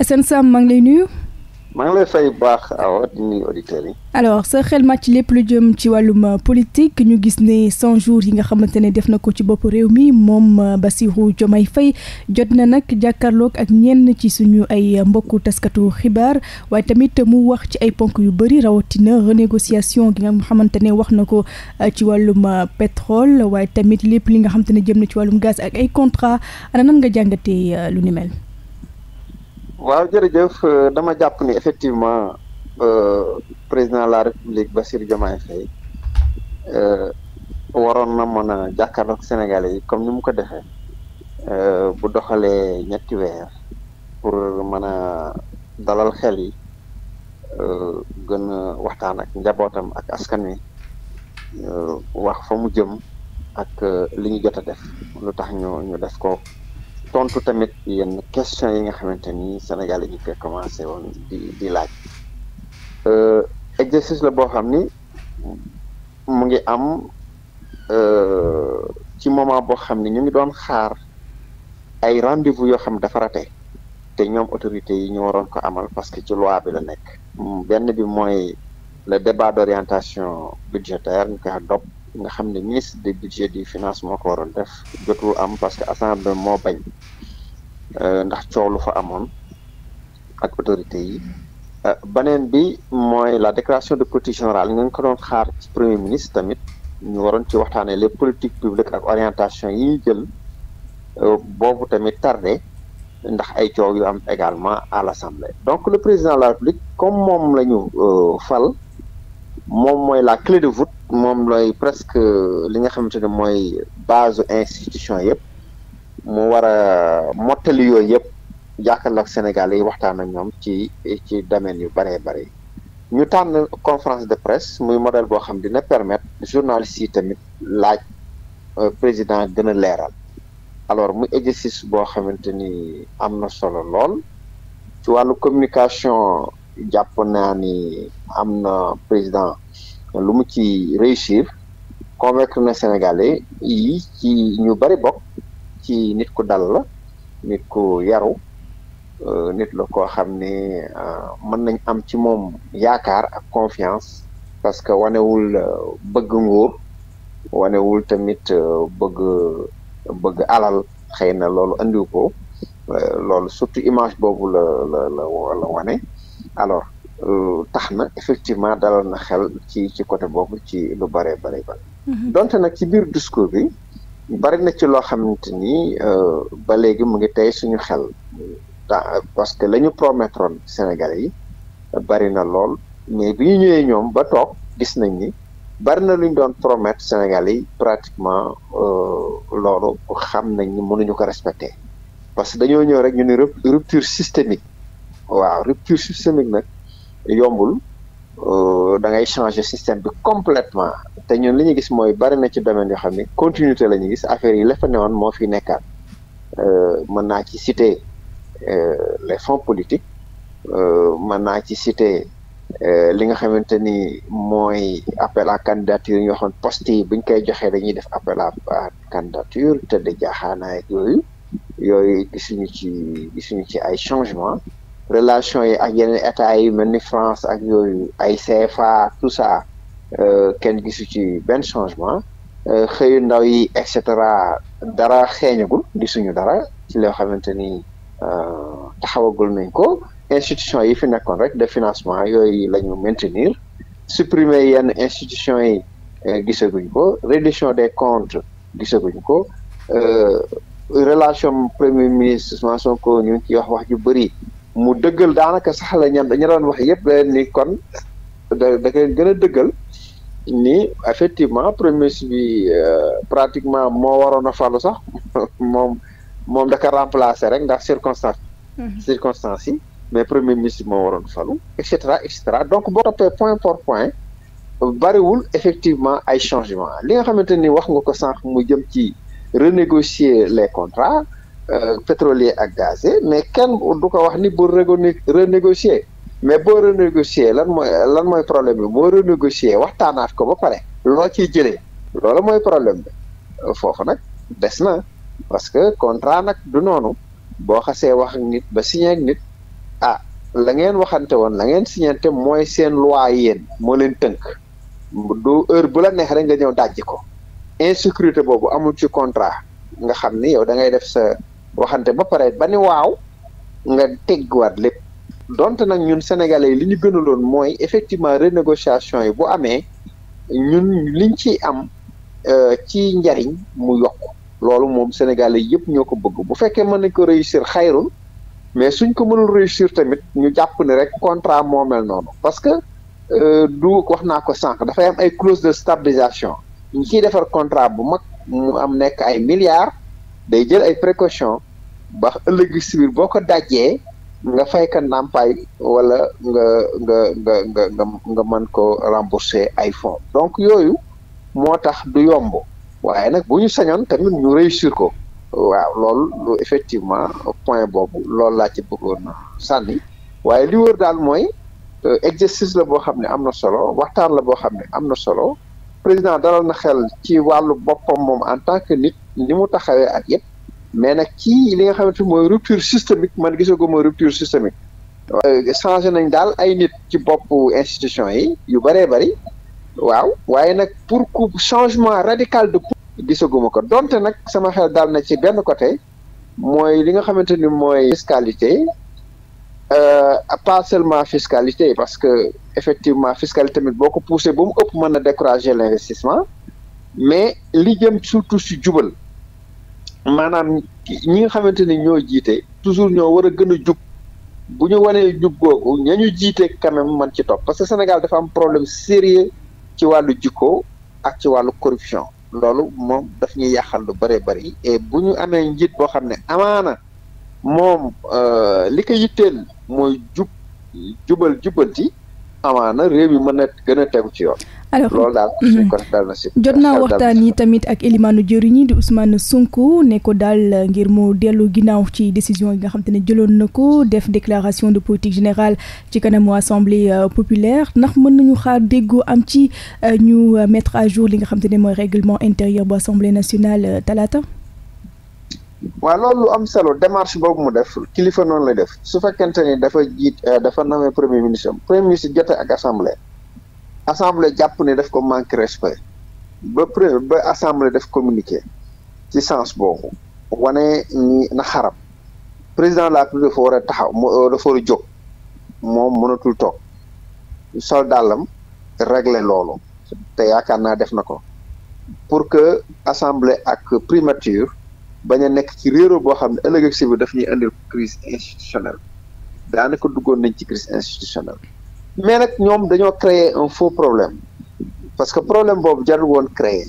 Assane Samb maa ngi lay nuyu. maa lay fay baax awa di nuyu auditeurs yi. alors sa xel màcc lépp lu jëm ci wàllum euh, politique ñu gis ne 100 jours yi nga xamante ne def na ko ci bopp réew mi moom euh, Bassirou Diomaye Faye jot na nag jàkkaarloog ak ñenn ci suñu ay euh, mbokku taskatu xibaar waaye tamit mu wax ci ay ponk yu bëri rawatina renégociation gi nga xamante ne wax na ko ci wàllum pétrole waaye tamit lépp li nga xamante ne jëm na ci wàllum gas ak ay contrat ana nan nga jàngatee lu ni waaw jërëjëf euh, dama jàpp ni effectivement euh, président de la république Bassirou Diomaye Faye euh, waroon na mën a jàkkaarloog Sénégalais yi comme ni mu ko defee bu doxalee ñetti weer pour mën a dalal xel yi gën a waxtaanak ak njabootam ak askan wi wax fa mu jëm ak li ñu jot a def lu tax ñu ñu def ko. tontu tamit yenn question yi nga xamante ni Sénégal yi ñu commencé won di di laaj euh, exercice la boo xam ni mu ngi am euh, ci moment boo xam ni ñu ngi doon xaar ay rendez-vous yoo xam dafa rate te ñoom autorités yi ñu waroon ko amal parce que ci loi bi la nekk benn bi mooy le débat d'orientation budgétaire ñu koy wax DOP nga xam ne ministre des budget du finance ko waroon def jotul am parce que assemblée moo bañ euh, ndax coow lu fa amoon ak autorité yi euh, beneen bi mooy la déclaration de politique générale nga ko doon xaar ci premier ministre tamit ñu waroon ci waxtaanee les politiques publiques ak orientation yi jël euh, boobu tamit tardé ndax ay coow yu am également à l'assemblée donc le président de la république comme moom la ñu fal moom mooy la clé de voute moom looy presque li nga xamante ne mooy base institution yëpp mu war a mottali yooyu yëpp jàkkaarloog Sénégal yi waxtaan ak ñoom ci ci domaine yu bëree bëri ñu tànn conférence de presse muy modèle boo xam dina permettre journalistes yi tamit laaj euh, président gën leeral alors mu exercice boo xamante ni am na solo lool ci wàllu communication jàpp naa ni am na président lu mu ci réussir convaincre na Sénégalais yi ci ñu bari bokk ci nit ku dal la nit ku yaru euh, nit la koo xam ne euh, mën nañ am ci moom yaakaar ak confiance parce que wanewul euh, bëgg nguur wanewul tamit bëgg bëgg alal xëy na loolu andiw ko loolu surtout image boobu la la la la wane alors tax na effectivement dalal na xel ci ci côté boobu ci lu bare bare ba mhm. donte nag ci biir discours bi bari na ci loo xamante ni euh, ba léegi mu ngi tey suñu xel parce que lañu ñu promettoon Sénégalais yi bari na lool mais bi ñu ñëwee ñoom ba toog gis nañ ni bari na lu ñu doon promettre sénégal yi pratiquement euh, loolu xam nañ ni mënuñu ko respecter parce que dañoo ñëw rek ñu ne rupture systémique waaw rupture systémique nag yombul euh, da ngay changer système bi complètement te ñun li ñu gis mooy bari na ci domaine yoo xam ne continuité la ñu gis affaire yi la fa newoon moo fi nekkaat euh, mën naa ci citer euh, les fonds politiques mën naa ci citer li nga xamante ni mooy appel à candidature yi ñu waxoon poste yi bu ñu koy joxee dañuy def appel à candidature te de jaaxaanaay yooyu yooyu gisuñu ci gisuñu ci ay changement relation yi ak yeneen état yi mel ni France ak yooyu ay CFA tout ça euh, kenn gisu ci benn changement euh, xëyu ndaw yi et cetera dara xeeñagul gisuñu dara ci loo xamante ni euh, taxawagul nañ ko institution yi fi nekkoon rek de financement yooyu la ñu maintenir supprimer yenn institution yi gisaguñ ko réduction des comptes gisaguñ ko relation premier ministre Sonko ñu ci ciy wax wax ju bëri mu dëggal daanaka sax la ñan dañu doon wax yëpp eh, ni kon da da gën a dëggal ni effectivement premier bi euh, pratiquement moo waroon a sax moom moom da ko remplacer rek ndax circonstance mhm. circonstance yi mais premier ministre moo waroon falu et cetera et cetera donc boo toppee point par point bariwul effectivement ay changement li nga xamante ni wax nga ko sànq mu jëm ci renégocier les contrats Euh, pétrolier ak gazier mais kenn du ko wax ni bu renégocier mais boo renégocier lan mooy lan mooy problème bi boo renégocier waxtaanaat ko ba pare loo ciy jëlee loola mooy problème bi euh, foofu nag des na parce que contrat nag du noonu boo xasee wax ak nit ba signé nit ah la ngeen waxante woon la ngeen signante mooy seen loi yéen moo leen tënk du heure bu la neex rek nga ñëw dajji ko insécurité boobu amul ci contrat nga xam ni yow da ngay def sa waxante ba pare ba ni waaw nga tegguwaat lépp donte nag ñun sénégalais yi li ñu gënaloon mooy effectivement renégociation yi bu amee ñun liñ ci am euh, ci njariñ mu yokk loolu moom sénégalais yëpp ñoo ko bëgg bu fekkee mën nañ ko réussir xayrul mais suñ ko mënul réussir tamit ñu jàpp ne rek contrat moo mel noonu parce que euh, du wax naa ko sànq dafay am ay clause de stabilisation ñu ciy defar contrat bu mag mu am nekk ay milliards day jël ay précautions ba ëllëg si biir boo ko dajjee nga fay ka ndàmpaay wala nga nga nga nga nga mën ko rembourser ay fonds donc yooyu moo tax du yomb waaye nag bu ñu sañoon tamit ñu réussir ko waaw loolu effectivement point boobu loolu laa ci bëggoon na sànni waaye li wër daal mooy euh, exercice la boo xam ne am na solo waxtaan la boo xam ne am na solo président dalal na xel ci wàllu boppam moom en tant que nit ni mu taxawee ak yëpp mais nag kii li nga xamante mooy rupture systémique man gisagoo mooy rupture systémique euh, changé nañ daal ay nit ci bopp institution yi yu bëree bëri waaw waaye nag pour ku changement radical de ma ko donte nag sama xel daal na ci benn côté mooy li nga xamante ni mooy fiscalité Euh, pas seulement fiscalité parce que effectivement fiscalité tamit boo ko poussé ba mu ëpp mën na décourager l' investissement mais li jëm surtout si jubal maanaam ñi nga xamante ni ñoo jiite toujours ñoo war a gën a jub bu ñu wanee jub googu ña ñu jiite quand même man ci topp parce que Sénégal dafa am problème sérieux ci wàllu jikko ak ci wàllu corruption loolu moom daf ñuy yàqal lu bëree bëri et bu ñu amee njiit boo xam ne amaana moom euh, li ko yitteel mooy jub jubal jubbanti amaana réew yi mën a gën a tegu ci yoon. Mhm. na jot naa waxtaan yi tamit ak élimaanu jëriñ yi di Ousmane Sonko ne daal ngir mu dellu ginnaaw ci décision yi nga xam ne jëloon na ko def déclaration de politique général ci kanamu assemblée euh, populaire ndax mën nañu xaar déggoo am ci euh, ñu mettre à jour li nga xam te ne mooy règlement intérieur bu assemblée nationale talaata. waaw loolu lu am solo démarche boobu mu def kilifa noonu la def su fekkente ni dafa jiit euh, dafa nommé premier ministre premier ministre jote ak assemblée assemblée jàpp ne def ko manque respect ba pré ba assemblée def communiqué ci sens boobu wane ni na xarab président de la République dafa war a taxaw euh, dafa war a jóg moom mënatul toog sol dàllam régler loolu te yaakaar naa def na ko pour que assemblée ak primature bañ nekk ci réero boo xam ne ëllëg ak si biir daf ñuy indil daanaka duggoon nañ ci crise institutionnelle mais nag ñoom dañoo créer un faux problème parce que problème boobu jarul woon créer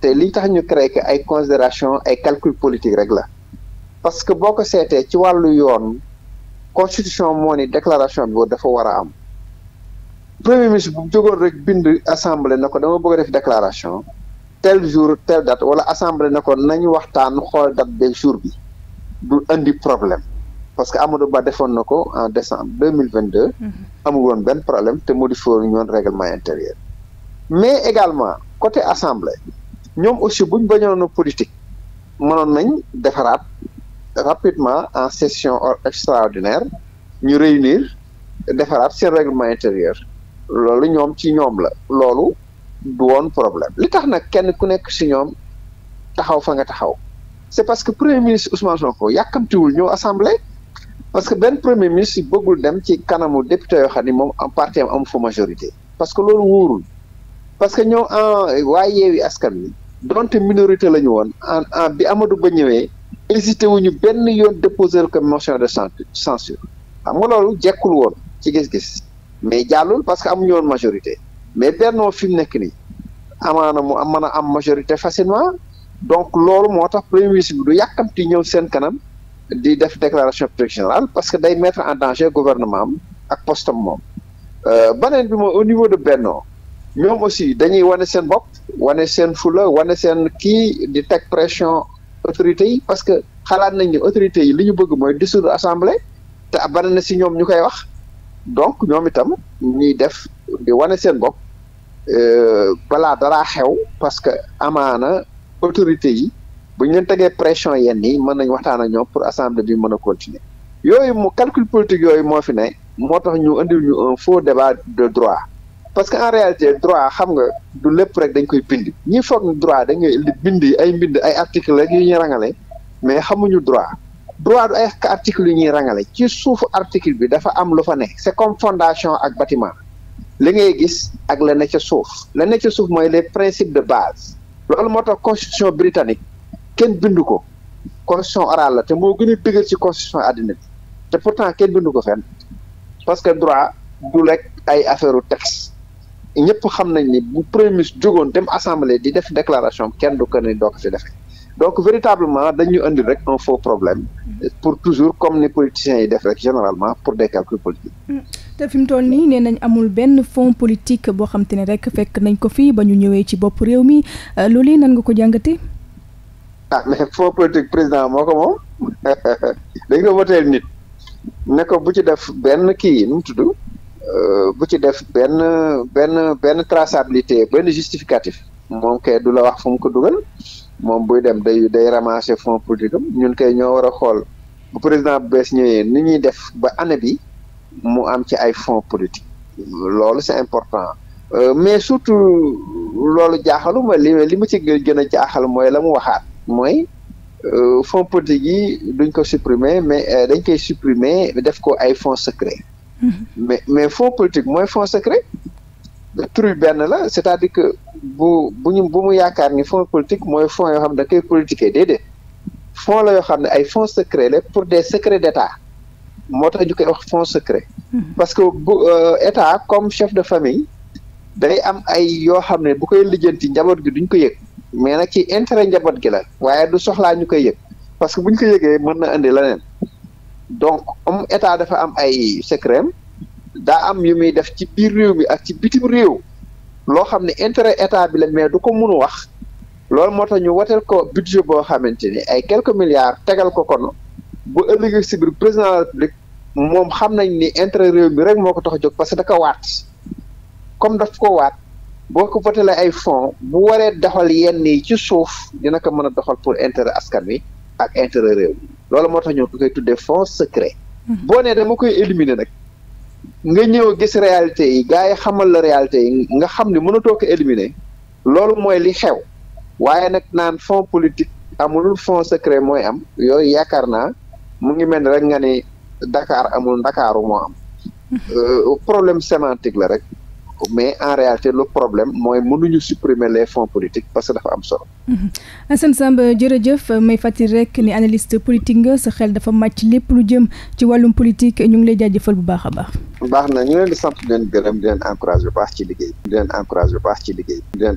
te li tax ñu créer que ay considération ay calcul politique rek la parce que boo ko seetee ci wàllu yoon constitution moo ni déclaration bi dafa war a am premier ministre bu jógoon rek bind assemblée na ko dama bëgg a def déclaration tel jour tel date wala assemblée ne ko nañu waxtaan xool date beeg jour bi du indi problème parce que Amadou Ba defoon na ko en décembre deux mille vingt deux. Mhm. amul woon benn problème te modifié woon ñu woon règlement intérieur. mais également côté assemblée ñoom aussi buñ bañoon politique mënoon nañ defaraat rapidement en session extraordinaire ñu réunir defaraat seen règlement intérieur loolu ñoom ci ñoom la loolu du woon problème li tax nag kenn ku nekk si ñoom taxaw fa nga taxaw c'est parce que premier ministre Ousmane Sonko yàkkamtiwul ñëw assemblée parce que benn premier ministre bëggul dem ci kanamu député yoo xam ni moom en parti am fo majorité parce que loolu wóorul parce que ñoo en waa yeewi askan wi donte minorité la ñu woon en en bi Amadou Ba ñëwee hésité wuñu benn yoon déposer comme motion de censure xam nga loolu jekkul woon ci gis-gis mais jàllul parce que amuñu woon majorité mais Benno fi mu nekk nii amaana mu am mën a am majorité facilement donc loolu moo tax premier ministre bi du yàkkamti ñëw seen kanam di def déclaration politique générale parce que day mettre en danger gouvernement am ak postam moom euh, beneen bi moo au niveau de Benno ñoom aussi dañuy wane seen bopp wane seen fula wane seen kii di teg pression autorités yi parce que xalaat nañ ne autorités yi li ñu bëgg mooy dissoudre assemblée te bari na si ñoom ñu koy wax donc ñoom itam ñuy def di wane seen bopp euh, balaa daraa xew parce que amaana autorités yi buñ ñu leen tegee pression yenn yi mën nañ waxtaan ak ñoom pour assemblée bi mën a continuer yooyu mu calcul politique yooyu moo fi ne moo tax ñu indil ñu un faux débat de droit parce que en réalité droit xam nga du lépp rek dañ koy bind ñi foog droit dañuy bind ay mbind ay articles rek yu ñu rangale mais xamuñu droit droit du ay article yu ñuy rangale ci suufu article bi dafa am lu fa ne c'est comme fondation ak bâtiment li ngay gis ak la ne ca suuf la ne ca suuf mooy les principe de base loolu moo tax constitution britannique kenn bindu ko constitution orale la te moo gën a dëgër ci constitution àddina bi te pourtant kenn bindu ko fenn parce que droit du rek ay affaire u texte ñëpp xam nañ ni bu premier ministre jógoon dem assemblée di def déclaration kenn du ko ne doo ko fi defee donc véritablement dañu indi rek un faux problème pour toujours comme ni politiciens yi def rek généralement pour des calculs politiques. Mm. te fi mu toll nii nee nañ amul benn fond politique boo xam ne rek fekk nañ ko fii ba ñu ñëwee ci bopp réew mi euh, loolu nan nga ko jàngatee. ah mais fond politique président moo ko moom dañ ko voteel nit ne ko bu ci def benn kii nu mu tudd euh, bu ci def benn benn benn traçabilité benn justificatif moom kay du la wax fu mu moom buy dem day day ramasser fonds politique am ñun kay ñoo war a xool bu président bu bees ñëwee ni ñuy def ba année bi mu am ci ay fonds politique loolu c'est important euh, mais surtout loolu jaaxaluma li li ma ci gën a jaaxal mooy la mu waxaat mooy euh, fonds politique yi duñ ko supprimer mais euh, dañ koy supprimer def ko ay fonds secret mm-hmm. mais mais fonds politique mooy fonds secret tur bi benn la c'est-à-dire que bu bu ñu mu yaakaar ni fonds politique mooy fons yoo xam ne da koy politiquer déedéet fonds la yoo xam ne ay fonds secret la pour des secrets d'État moo tax ñu koy wax fonds secret. Mm-hmm. parce que bu euh, État comme chef de famille day am ay yoo xam ne bu koy lijjanti njaboot gi duñ ko yëg mais nag ci intérêt njaboot gi la waaye du soxlaa ñu koy yëg parce que buñ ko yëgee mën na indi leneen donc am État dafa am ay secret daa am yu muy def ci biir réew mi ak ci bitim réew loo xam ne intérêt état bi la mais du ko mun wax loolu moo tax ñu woteel ko budget boo xamante ni ay quelques milliards tegal ko kon bu ëllëgee si biir président de la république moom xam nañ ni intérêt réew mi rek moo ko tax a jóg parce que da ko waat comme daf ko waat boo ko votelee ay fonds bu waree doxal yenn yi ci suuf dina ko mën a doxal pour intérêt askan wi ak intérêt réew mi loolu moo tax ñu koy tuddee fonds secret mhm. boo nee dama koy éliminer nag. nga ñëw gis réalité yi gars yi xamal la réalité yi nga xam ne mënatoo ko éliminer loolu mooy li xew waaye nag naan fond politique amul fond secret mooy am yooyu yaakaar naa mu ngi mel ni rek nga ni Dakar amul Ndakaaru moo am euh, problème sémantique la rek mais en réalité le problème mooy mënuñu supprimer les fonds politiques parce que dafa am solo Mm-hmm. Assane Samb jërëjëf may fàttali rek ni analyste politique nga sa xel dafa màcc lépp lu jëm ci wàllum politique ñu ngi lay jaajëfal bu baax a baax. baax na ñu leen di sant di leen gërëm di leen encouragé bu baax ci liggéey. di leen bu baax ci liggéey.